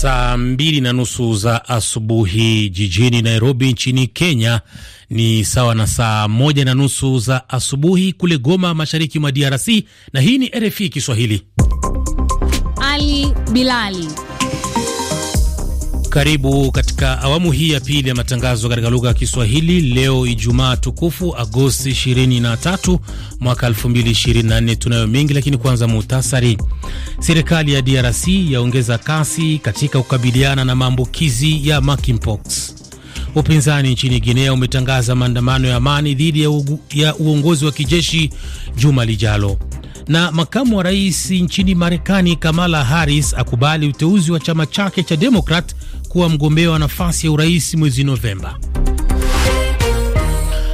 Saa mbili na nusu za asubuhi jijini Nairobi nchini Kenya ni sawa na saa moja na nusu za asubuhi kule Goma, mashariki mwa DRC. Na hii ni RFI Kiswahili. Ali Bilali karibu katika awamu hii ya pili ya matangazo katika lugha ya Kiswahili leo Ijumaa tukufu Agosti 23 mwaka 2024. Tunayo mengi lakini kwanza muhtasari. Serikali ya DRC yaongeza kasi katika kukabiliana na maambukizi ya monkeypox. Upinzani nchini Guinea umetangaza maandamano ya amani dhidi ya, ya uongozi wa kijeshi juma lijalo na makamu wa rais nchini Marekani Kamala Harris akubali uteuzi wa chama chake cha Demokrat kuwa mgombea wa nafasi ya urais mwezi Novemba.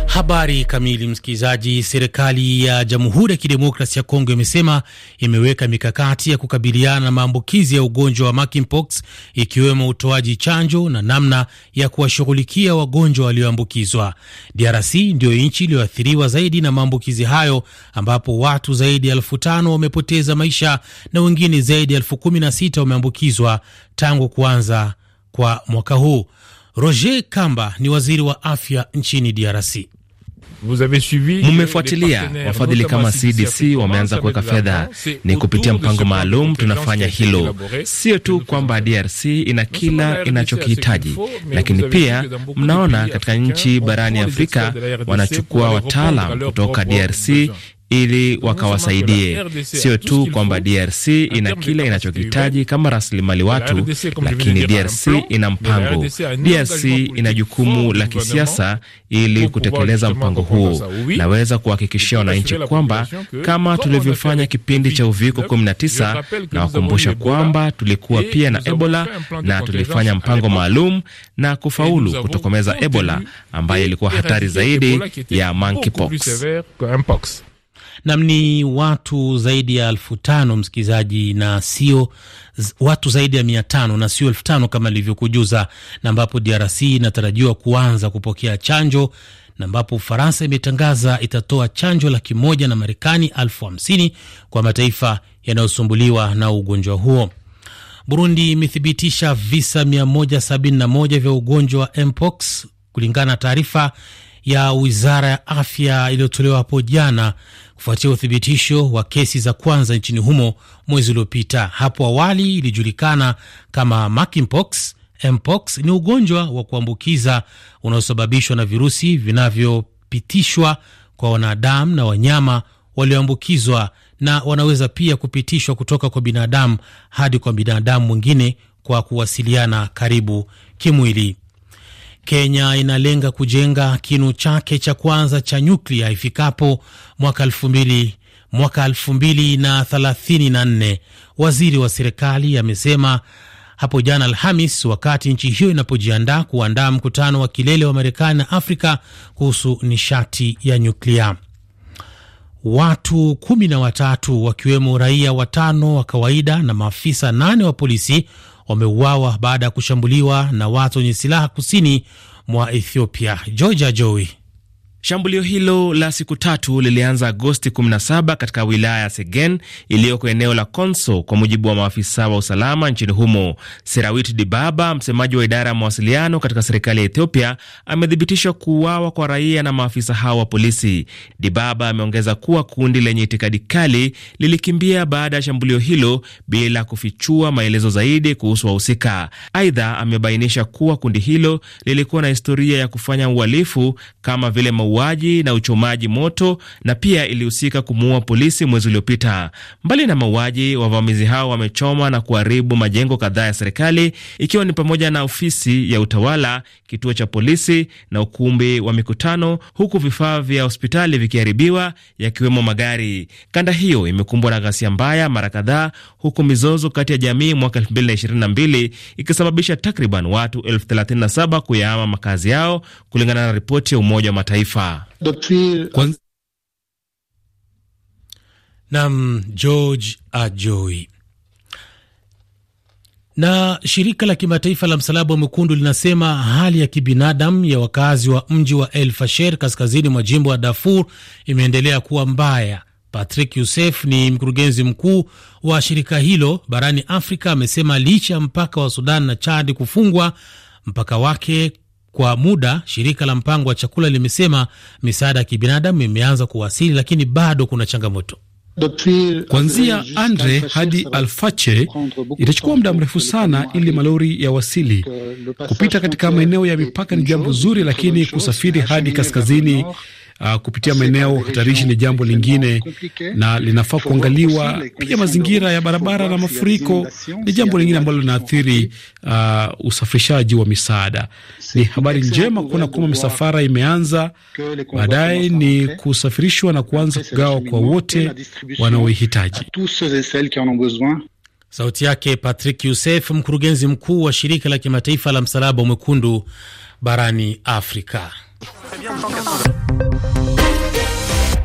Habari kamili, msikilizaji. Serikali ya Jamhuri ya Kidemokrasi ya Kongo imesema imeweka mikakati ya kukabiliana na maambukizi ya ugonjwa wa monkeypox, ikiwemo utoaji chanjo na namna ya kuwashughulikia wagonjwa walioambukizwa. DRC ndiyo nchi iliyoathiriwa zaidi na maambukizi hayo, ambapo watu zaidi ya elfu tano wamepoteza maisha na wengine zaidi ya elfu kumi na sita wameambukizwa tangu kuanza kwa mwaka huu. Roger Kamba ni waziri wa afya nchini DRC. Mmefuatilia, wafadhili kama CDC wameanza kuweka fedha, ni kupitia mpango maalum. Tunafanya hilo sio tu kwamba DRC ina kila inachokihitaji, lakini pia mnaona katika nchi barani Afrika wanachukua wataalam kutoka DRC ili wakawasaidie, sio tu kwamba DRC ina kile inachokitaji kama rasilimali watu, lakini DRC ina mpango. DRC ina jukumu la kisiasa ili kutekeleza mpango huo. Naweza kuhakikishia wananchi kwamba kama tulivyofanya kipindi cha uviko 19, na kwamba tulikuwa pia na Ebola na tulifanya mpango maalum na kufaulu kutokomeza Ebola ambayo ilikuwa hatari zaidi ya monkeypox. Nam ni watu zaidi ya elfu tano msikilizaji, na sio watu zaidi ya mia tano na sio elfu tano kama ilivyokujuza, na ambapo DRC inatarajiwa kuanza kupokea chanjo na ambapo Ufaransa imetangaza itatoa chanjo laki moja na Marekani elfu hamsini kwa mataifa yanayosumbuliwa na ugonjwa huo. Burundi imethibitisha visa 171 vya ugonjwa wa mpox kulingana na taarifa ya wizara ya afya iliyotolewa hapo jana kufuatia uthibitisho wa kesi za kwanza nchini humo mwezi uliopita. Hapo awali ilijulikana kama monkeypox. Mpox ni ugonjwa wa kuambukiza unaosababishwa na virusi vinavyopitishwa kwa wanadamu na wanyama walioambukizwa, na wanaweza pia kupitishwa kutoka kwa binadamu hadi kwa binadamu mwingine kwa kuwasiliana karibu kimwili. Kenya inalenga kujenga kinu chake cha kwanza cha nyuklia ifikapo mwaka elfu mbili mwaka elfu mbili na thelathini na nne, waziri wa serikali amesema hapo jana Alhamis, wakati nchi hiyo inapojiandaa kuandaa mkutano wa kilele wa Marekani na Afrika kuhusu nishati ya nyuklia. Watu kumi na watatu wakiwemo raia watano wa kawaida na maafisa nane wa polisi wameuawa baada ya kushambuliwa na watu wenye silaha kusini mwa Ethiopia. Georgia Joey Shambulio hilo la siku tatu lilianza Agosti 17 katika wilaya ya Segen iliyoko eneo la Konso, kwa mujibu wa maafisa wa usalama nchini humo. Serawit Dibaba, msemaji wa idara ya mawasiliano katika serikali ya Ethiopia, amethibitisha kuuawa kwa raia na maafisa hao wa polisi. Dibaba ameongeza kuwa kundi lenye itikadi kali lilikimbia baada ya shambulio hilo bila kufichua maelezo zaidi kuhusu wahusika. Aidha, amebainisha kuwa kundi hilo lilikuwa na historia ya kufanya uhalifu kama vile mauaji na uchomaji moto na pia ilihusika kumuua polisi mwezi uliopita. Mbali na mauaji, wavamizi hao wamechoma na kuharibu majengo kadhaa ya serikali ikiwa ni pamoja na ofisi ya utawala, kituo cha polisi na ukumbi wa mikutano, huku vifaa vya hospitali vikiharibiwa yakiwemo magari. Kanda hiyo imekumbwa na ghasia mbaya mara kadhaa, huku mizozo kati ya jamii mwaka 2022 ikisababisha takriban watu 37 kuyahama makazi yao kulingana na ripoti ya Umoja wa Mataifa nam George Ajoi. Na shirika la kimataifa la Msalaba wa Mwekundu linasema hali ya kibinadamu ya wakazi wa mji wa El Fasher kaskazini mwa jimbo la Darfur imeendelea kuwa mbaya. Patrick Youssef ni mkurugenzi mkuu wa shirika hilo barani Afrika, amesema licha ya mpaka wa Sudan na Chad kufungwa, mpaka wake kwa muda shirika la mpango wa chakula limesema misaada ya kibinadamu imeanza kuwasili, lakini bado kuna changamoto. Kuanzia Andre hadi Alfache itachukua muda mrefu sana ili malori ya wasili. Kupita katika maeneo ya mipaka ni jambo zuri, lakini kusafiri hadi kaskazini uh, kupitia maeneo hatarishi ni jambo lingine, na linafaa kuangaliwa. Pia mazingira ya barabara na mafuriko ni jambo lingine ambalo linaathiri uh, usafirishaji wa misaada. Ni habari njema kuona kwamba misafara imeanza, baadaye ni kusafirishwa na kuanza kugawa kwa wote wanaoihitaji. Sauti yake Patrick Youssef, mkurugenzi mkuu wa shirika la kimataifa la msalaba mwekundu barani Afrika.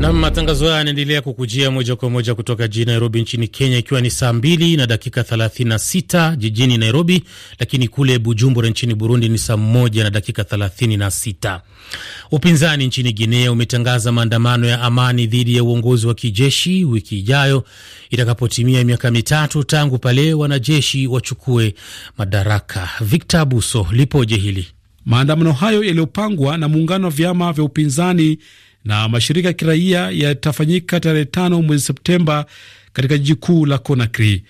na matangazo haya yanaendelea kukujia moja kwa moja kutoka jijini Nairobi nchini Kenya, ikiwa ni saa mbili na dakika 36 jijini Nairobi, lakini kule Bujumbura nchini Burundi ni saa moja na dakika 36. Upinzani nchini Guinea umetangaza maandamano ya amani dhidi ya uongozi wa kijeshi wiki ijayo itakapotimia miaka mitatu tangu pale wanajeshi wachukue madaraka. Victor Buso, lipoje hili maandamano hayo yaliyopangwa na muungano wa vyama vya upinzani na mashirika ya kiraia yatafanyika tarehe tano mwezi Septemba katika jiji kuu la Conakry.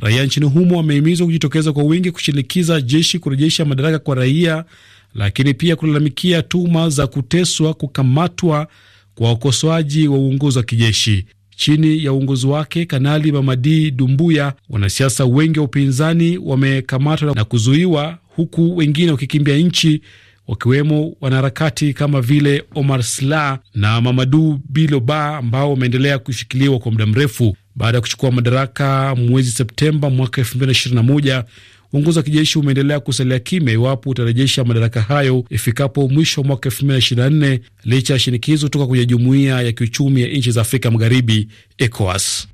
Raia nchini humo wamehimizwa kujitokeza kwa wingi kushinikiza jeshi kurejesha madaraka kwa raia, lakini pia kulalamikia tuma za kuteswa, kukamatwa kwa wakosoaji wa uongozi wa kijeshi. Chini ya uongozi wake Kanali Mamadi Dumbuya, wanasiasa wengi wa upinzani wamekamatwa na kuzuiwa, huku wengine wakikimbia nchi wakiwemo wanaharakati kama vile Omar Sla na Mamadu Biloba ambao wameendelea kushikiliwa kwa muda mrefu. Baada ya kuchukua madaraka mwezi Septemba mwaka 2021, uongozi wa kijeshi umeendelea kusalia kimya iwapo utarejesha madaraka hayo ifikapo mwisho wa mwaka licha ya shinikizo kutoka kwenye jumuiya ya kiuchumi ya nchi za Afrika Magharibi, ECOWAS.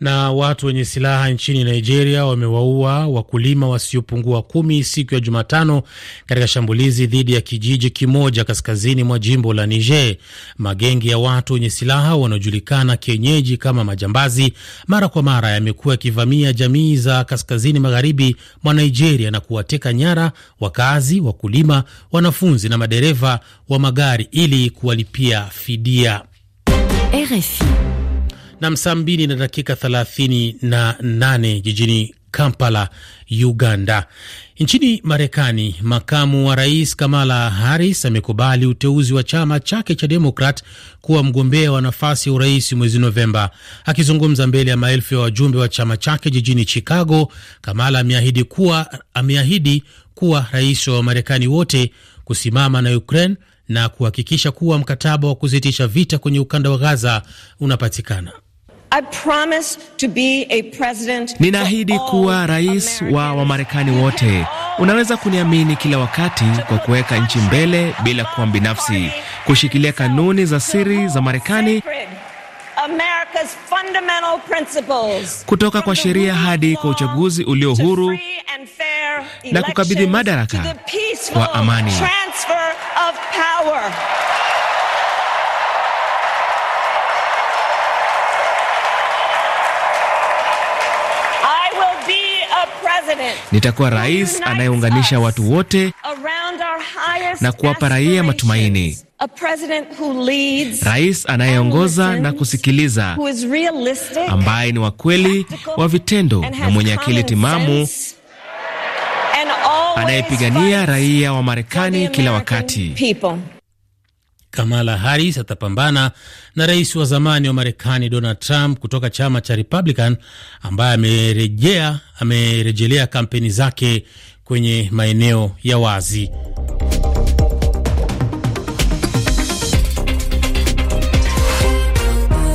Na watu wenye silaha nchini Nigeria wamewaua wakulima wasiopungua kumi siku ya Jumatano katika shambulizi dhidi ya kijiji kimoja kaskazini mwa jimbo la Niger. magenge ya watu wenye silaha wanaojulikana kienyeji kama majambazi, mara kwa mara yamekuwa yakivamia jamii za kaskazini magharibi mwa Nigeria na kuwateka nyara wakazi, wakulima, wanafunzi na madereva wa magari ili kuwalipia fidia. RFI. Nam, saa mbili na dakika thelathini na nane jijini Kampala, Uganda. Nchini Marekani, makamu wa rais Kamala Harris amekubali uteuzi wa chama chake cha Demokrat kuwa mgombea wa nafasi ya urais mwezi Novemba. Akizungumza mbele ya maelfu ya wajumbe wa chama chake jijini Chicago, Kamala ameahidi kuwa, ameahidi kuwa rais wa Wamarekani wote kusimama na Ukraine na kuhakikisha kuwa mkataba wa kusitisha vita kwenye ukanda wa Gaza unapatikana. Ninaahidi kuwa rais wa Wamarekani wote. Unaweza kuniamini kila wakati kwa kuweka nchi mbele bila kuwa binafsi, kushikilia kanuni za siri za Marekani kutoka kwa sheria hadi kwa uchaguzi ulio huru na kukabidhi madaraka kwa amani. Nitakuwa rais anayeunganisha watu wote na kuwapa raia matumaini, rais anayeongoza na kusikiliza, ambaye ni wa kweli, wa vitendo na mwenye akili timamu, anayepigania raia wa Marekani kila wakati people. Kamala Harris atapambana na rais wa zamani wa Marekani Donald Trump kutoka chama cha Republican ambaye amerejea amerejelea kampeni zake kwenye maeneo ya wazi.